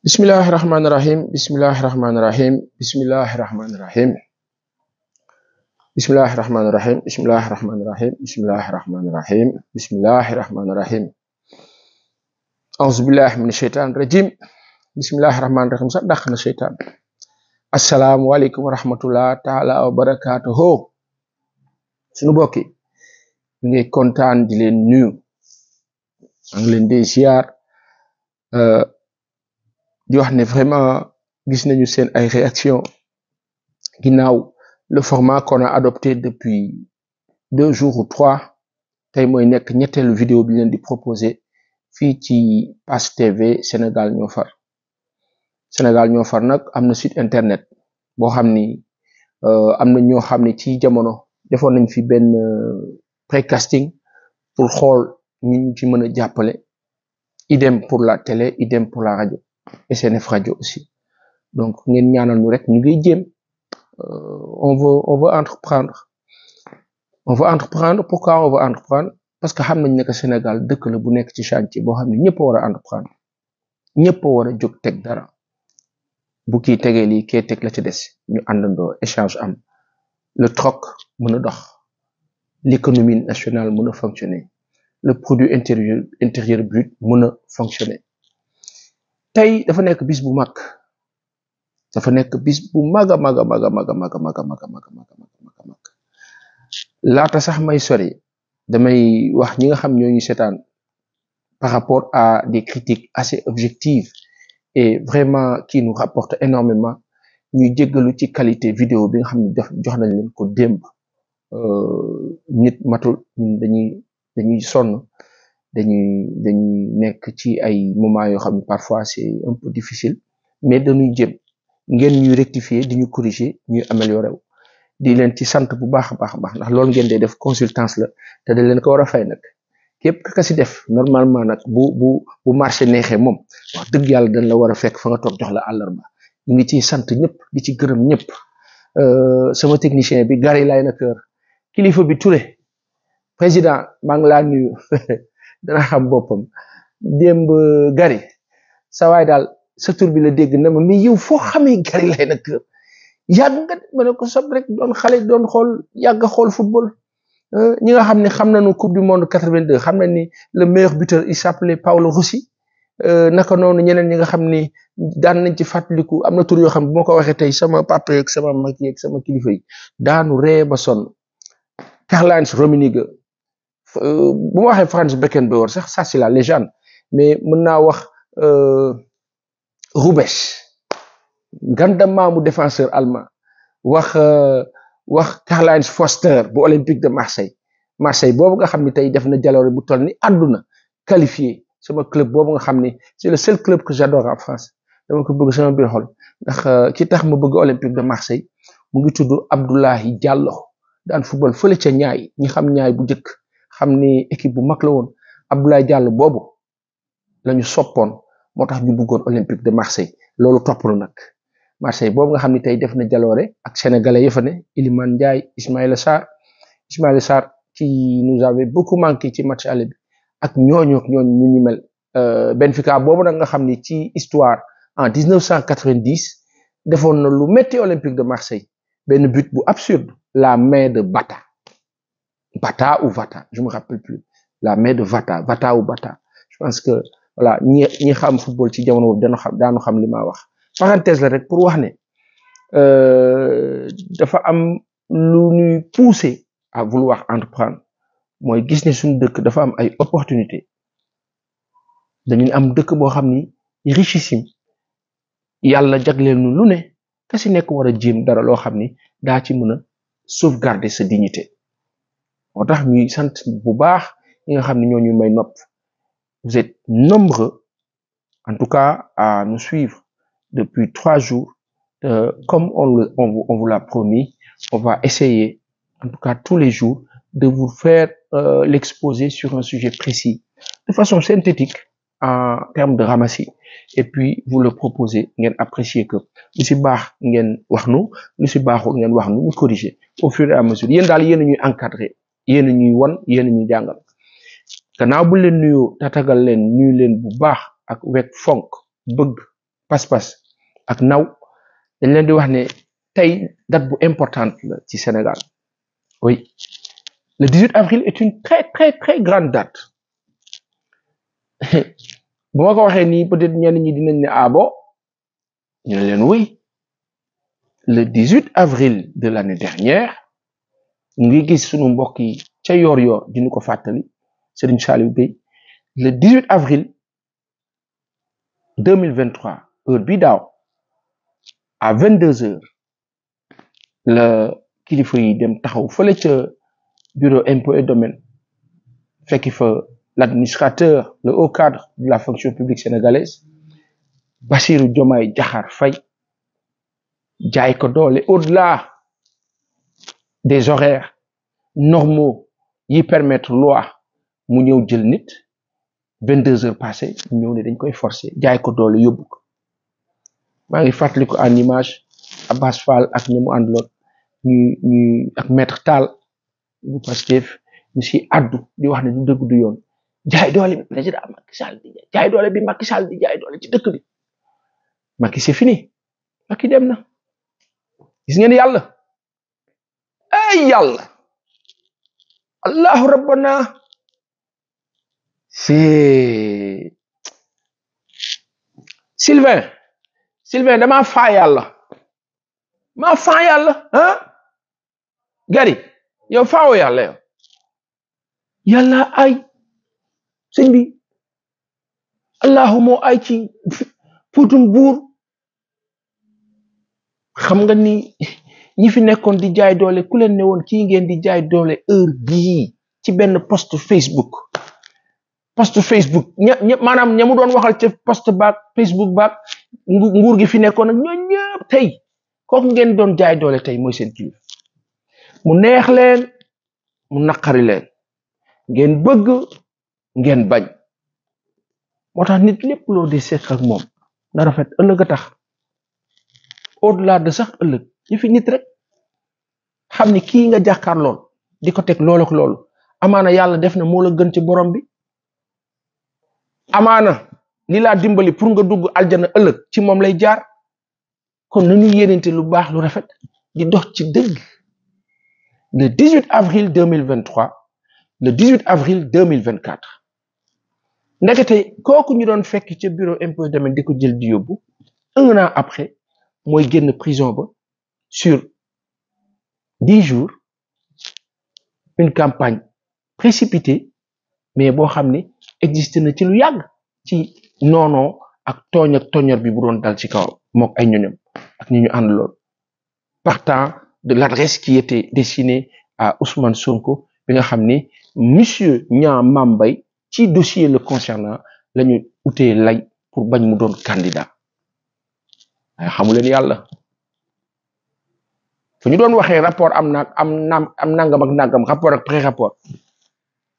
Bismillahirrahmanirrahim. Bismillahirrahmanirrahim. Bismillahirrahmanirrahim. Bismillahirrahmanirrahim. Bismillahirrahmanirrahim. Bismillahirrahmanirrahim. Bismillahirrahmanirrahim. Auzubillah minasyaitan rajim. Bismillahirrahmanirrahim. Saddaqna syaitan. Assalamualaikum warahmatullahi taala wabarakatuh. Sunu bokki ñu ngi kontaan di len nuyu. Ang len di ziar di wax vraiment gis nañu sen ay réaction le format qu'on a adopté depuis deux jours ou trois tey mooy nekk le vidéo bien de di proposer fi Pass TV Sénégal ñoo Sénégal ñoo N'ak, nag site internet Bo xam ni euh, am na ñoo xam ci jamono defoon nañ fi benn euh, pré-casting pour hall, ñu ci mën idem pour la télé idem pour la radio et SNF Radio aussi donc ngeen ñaanal ñu rek ñu ngi euh, on veut on veut entreprendre on veut entreprendre pourquoi on veut entreprendre parce que xam nañ ne que Sénégal dëkk la bu nekk ci chantier boo xam ne ñëpp entreprendre ñëpp a war a jóg dara bu kii la ci des ñu échange am le troc mën dox l'économie nationale mën fonctionner le produit intérieur intérieur brut mën fonctionner tay dafa nek bis bu mag dafa nek bis bu maga maga maga maga maga maga maga maga maga maga maga a mag a mag a mag sax may sori damay wax ñi nga xam ñoo ñu seetaan par rapport à des critiques assez objectives et vraiment qui nous rapportent énormément ñu djéggelu ci qualité vidéo bi nga xamni ne jox nañ leen ko euh nit matul ñun dañuy dañuy sonn dañuy dañuy ci parfois c'est un peu difficile mais dañuy jëm ngeen ñu rectifier di corriger ñuy améliorer wu di leen ci bu baax baax baax ndax loolu day def consultance la fay képp def normalement bu bu bu marché dëgg dañ la fekk fa nga la ñëpp di technicien président dana xam boppam démb gari sa waay daal sa tur bi la dégg na ma mi yow foo xamee gari lay na kër yàgg nga ma ne ko sob rek doon xale doon xool yàgg xool football euh, ñi nga xam ne xam na nañu coupe du monde 82 xam na ni le meilleur buteur il s'appelait Paolo Rossi euh, naka noonu ñeneen ñi nga xam ni daan nañ ci fàttaliku am na tour yoo xam ne bu ma ko waxee tey sama papa yeeg sama mag yeeg sama kilifa yi daanu ree ba sonn karl Euh, bu waxe waxee Franz Beckenbauer sax ça c'est la légende mais mën naa wax euh, Rubes mamu défenseur allemand wax euh, wax karl Foster bu Olympique de Marseille Marseille bobu nga xamni tay def na jaloore bu toll ni àdduna qualifié sama club bobu nga xamni c'est le seul club que j'adore en France dama ko bëgg sama bir xol ndax ci tax ma bëgg Olympique de Marseille mu ngi tuddu Abdoulaye Diallo dan football fële ca ñaay ñi xam ñaay bu njëkk xamni équipe bu mak la woon Abdoulaye Diallo boobu lañu ñu motax ñu bëggoon Olympique de Marseille lolu topp na Marseille bobu nga xamni tay def na jaloore ak sénégalais yi ne Iliman Ndiaye Ismaïla Sarr Ismaïla Sarr qui nous avait beaucoup manqué ci match aller bi ak ñooñu ak ñooñu ñu ñi mel euh, Benfica bobu nak nga xamni ci histoire en 1990 defon na lu metti Olympique de Marseille benn but bu absurde la main de Bata Bata ou Vata, je me rappelle plus. La mère de Vata, Vata ou Bata. Je pense que voilà ni ni xam football ci jamono dañu xam dañu xam li wax. parenthèse la rek pour wax euh dafa am lu ñuy pousser à vouloir entreprendre Moy gis ne suñu dëkk dafa am ay opportunités Dañu am dëkk bo xamni richissime Yalla jagleel nu lu né kasi si nekk war a dara lo xamni da ci mëna sauvegarder sa dignité vous êtes nombreux en tout cas à nous suivre depuis trois jours euh, comme on, vous l'a promis on va essayer en tout cas tous les jours de vous faire euh, l'exposer sur un sujet précis de façon synthétique en termes de ramassis et puis vous le proposez vous apprécier que M. baax wax au fur et à mesure yéen dal yéen ñuy encadrer yéen a ñuy won yéen a ñuy jangal gannaaw bu leen ta tagal leen nuyu leen bu baax ak wekk fonk bëgg pas-pas ak naw dañ leen di wax ne tey date bu importante la ci Sénégal oui le 18 avril est une très très très grande date bu ma ko waxee nii peut-être ñenn ñi dinañ ne ah bon ñu ne leen oui le 18 avril de l'année dernière le 18 avril 2023 heure à 22 h le yi dem bureau impôt et domaine fekki l'administrateur le haut cadre de la fonction publique sénégalaise Bassirou Diomaye Diakhar Faye jaay ko au-delà. des horaires normaux yi permettre loi mu ñëw jël nit 22 deux heures passées ñëw ne dañ koy forcer jaay ko doole yobbu ko maa ngi fàttaliku en image Abbas Fall ak ñu mu àndaloon ñu ñu ak maître tal bu Pastef ñu ci addu di wax ne du dëgg du yoon jaay doole bi président Macky Sall di jaay doole bi Macky Sall di jaay doole ci dëkk bi Macky c'est fini Macky dem na gis ngeen yalla ay yàlla allahu rabbana c'est Sylvain Sylvain dama faa yàlla ma faa yàlla ah gari yow faawoo yàlla yow yàlla ay sëñ bi ay ci putum buur xam nga ni ñi fi nekkoon di jaay doole ku leen ne woon kii ngeen di jaay doole heure bii ci benn post Facebook post Facebook ña ña maanaam ña mu doon waxal ca post baak Facebook baak nguur gi fi nekkoon ak ñooñu ñëpp tey kooku ngeen doon jaay doole tey mooy seen kilifa mu neex leen mu naqari leen ngeen bëgg ngeen bañ moo tax nit lépp loo di seq moom na rafet ëllëg a tax au delà de sax ëllëg yëfi nit rek xamni ki nga jàkkaar lool diko tek teg ak loolu amana yalla def na mo la gën ci borom bi amana li la dimbali pour nga dugg aljana euleuk ci mom lay jaar kon nu ñu yéenante lu baax lu rafet di dox ci deug le 18 avril 2023 le 18 avril 2024 tay koku ñu doon fekk ci bureau impôt domaine diko jël di yobbu un an après moy genn prison ba sur dix jours une campagne précipitée mais bon ramener existe existé ci lu non, non, ak et bi bu dal ci kaw partant de l'adresse qui était destinée à Ousmane Sonko bi nga monsieur Mambay dossier le concernant la lay pour bañ candidat fu ñu doon waxee rapport am na am nam am nangam ak nangam rapport ak pré rapport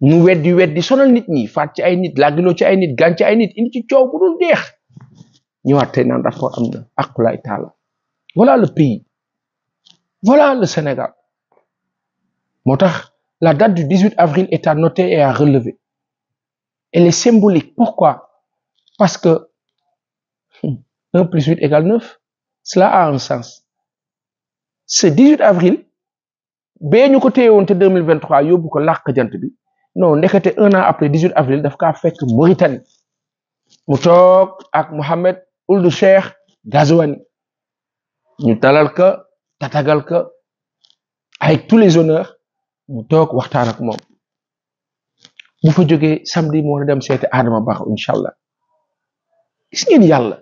ñu weddi weddi sonal nit ñi faat ci ay nit laagloo ci ay nit gaañ ci ay nit indi ci coow bu dul deex ñëwaat tay naan rapport am na aqulaay taala voilà le pays voilà le Sénégal motax la date du 18 avril est à noter et à relever elle est symbolique pourquoi parce que 1 hmm, plus 8 égale 9 cela a un sens ce 18 avril bee 2023, ko téyewoon te 2023 yóbbu ko làq jant bi non ndekete un an après 18 avril daf kaa fekk Mauritanie Moutok, ak Mohamed Ould Cheikh Gazouani, ñu talal ka tatagal ka avec tous les honneurs Moutok, toog waxtaan ak mom. bu fa jógee samedi qu'il y a dem seeti Adama Barrow inshallah. allah gis ngeen yàlla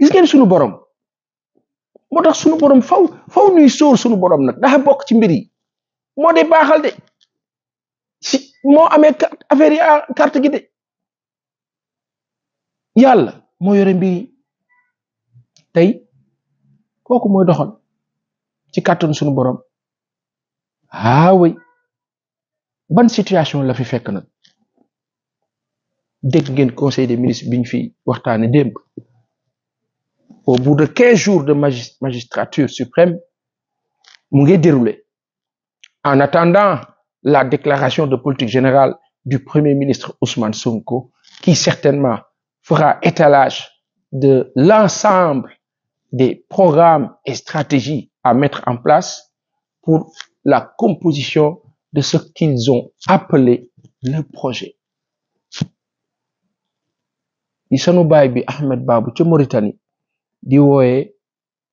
gis ngeen sunu borom moo tax sunu borom faw faw nuy sóor suñu boroom nag dafa bokk ci mbiri moo de baaxal de si moo amee affaire yi ah, carte gi de yàlla moo yore mbir yi tey kooku mooy doxal ci kàttan suñu boroom aaway ah, ban situation la fi fekk nag dégg ngeen conseil de ministres biñ fi waxtaane démb au bout de 15 jours de magistrature suprême, mu déroulé. En attendant la déclaration de politique générale du Premier ministre Ousmane Sonko, qui certainement fera étalage de l'ensemble des programmes et stratégies à mettre en place pour la composition de ce qu'ils ont appelé le projet. Ahmed Babou di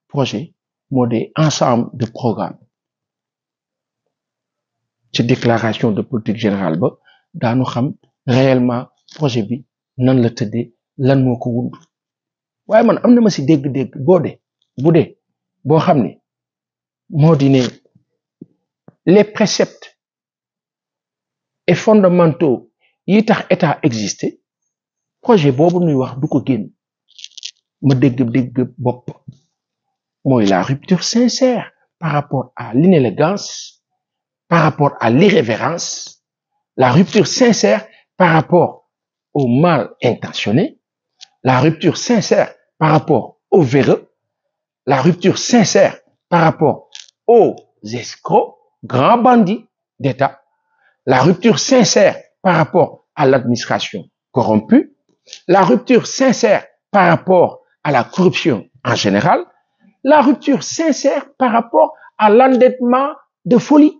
projet moo ensemble de programme ci déclaration de politique générale ba daanu xam réellement projet bi nan la tëddee lan moko ko wund waaye man am ma si dégg-dégg boo de bu dee boo xam ne moo les préceptes et fondamentaux yi tax état existé projet boobu nuy wax duko ko la rupture sincère par rapport à l'inélégance par rapport à l'irrévérence la rupture sincère par rapport au mal intentionné la rupture sincère par rapport au véreux la rupture sincère par rapport aux escrocs grands bandits d'État la rupture sincère par rapport à l'administration corrompue la rupture sincère par rapport à la corruption en général, la rupture sincère par rapport à l'endettement de folie,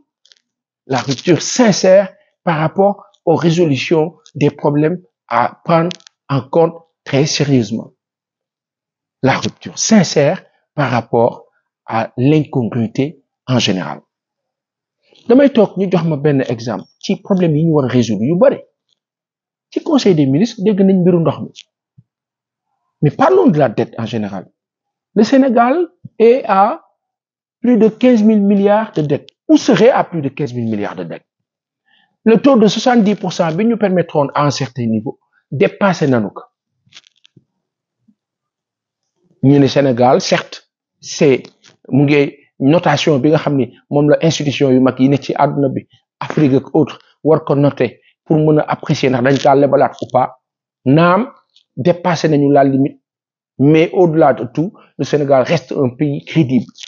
la rupture sincère par rapport aux résolutions des problèmes à prendre en compte très sérieusement. La rupture sincère par rapport à l'incongruité en général. Dans nous ma un exemple ci problème yi ñu résoudre conseil des ministres dégg nañ mais parlons de la dette en général. Le Sénégal est à plus de 15 000 milliards de dettes, Où serait à plus de 15 000 milliards de dettes. Le taux de 70% nous permettront à un certain niveau dépasser Nanouk. Nous, le Sénégal, certes, c'est notation bi nga xam ni la institution Afrique et autres, pour apprécier ndax dañ ou pas dépassé nañu la limite mais au-delà de tout le Sénégal reste un pays crédible